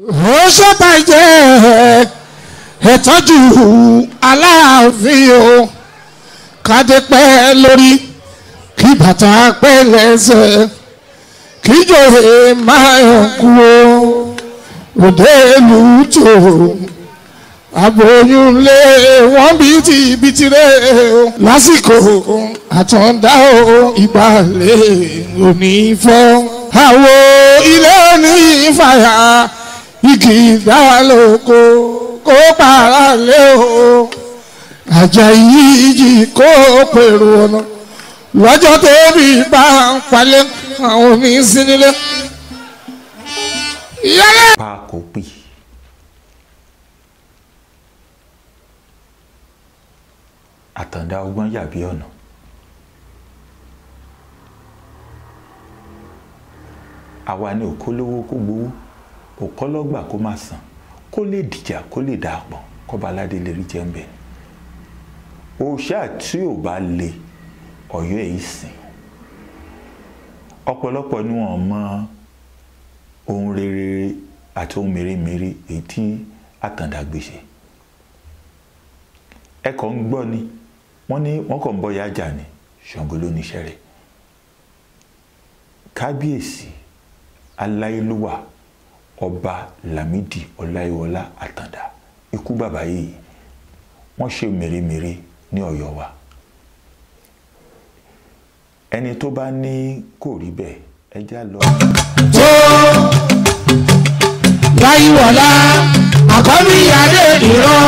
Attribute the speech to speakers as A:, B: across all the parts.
A: ó ṣèbàjẹ́ ẹ̀tọ́jú aláàfin o kádé pẹ́ lórí kí bàtà pẹ́ lẹ́sẹ̀ kí jòyè máa kú o òde ìlú tó aboyún lé wọ́n bí ti ibi ti rẹ̀ o lásìkò àtọ̀ndá o ìgbàlè òní fọ́ ilé ní ìfàyà ti dá lóko kó para lé o Àjàyí ìjì kó pèrò ọ̀nà lọ́jọ́ tẹ́bí bá ń palẹ̀ àwọn omi sí nílé. pa
B: kò pè. àtàndá ọgbọ́n yàbí ọ̀nà. àwa ni òkú lówó kó gbowó òkọ́lọ́gbà kó má sàn kó lè dìjà kó lè dà pọ̀ kọ́ba aládé lè rí jẹ́ ń bẹ̀. òòṣà tí ò bá le ọ̀yọ́ èyí sìn ọ̀pọ̀lọpọ̀ ni wọ́n mọ ohun rere àti ohun mèremère èyí tí àkàndá gbé ẹ kàn ń gbọ́ ni wọ́n ní wọ́n kàn ń bọ́ yájà ni Ṣàngó ló níṣẹ́ rẹ̀ kábíyèsí aláìlúwà ọba lamidi Ọláyíwọlá Àtàndá ikú bàbá yìí wọ́n ṣe mèremère ní Ọ̀yọ́ wa ẹni tó bá ní kò rí bẹ́ẹ̀ ẹ já lọ.
A: tó Láyíwọlá àkọ́bí adé ìrọ́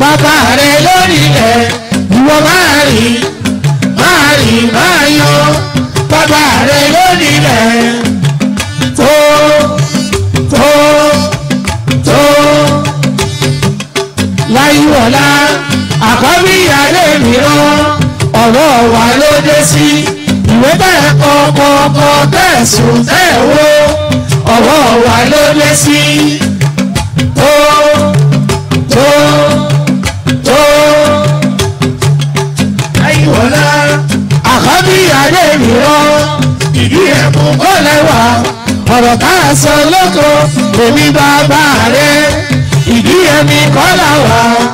A: bàbá rẹ̀ lórí ẹ̀ ìwọ máa rí máa rí máa yọ bàbá rẹ̀ lórí. láyíwọ̀lá àkọ́bí ìyáálé mi rán ọ̀rọ̀ wa ló dé sí ìwé bẹ́ẹ̀ kọ́kọ́kọ́ tẹ̀sùn tẹ̀wó ọ̀rọ̀ wa ló dé sí tó tó tó láyíwọ̀lá àkọ́bí ìyáálé mi rán ìdí ẹ̀kún kọ́ lẹ́wà ọ̀rọ̀ tá a sọ lóko èmi bàbá rẹ̀ ìdí ẹ̀mí kọ́ là wà.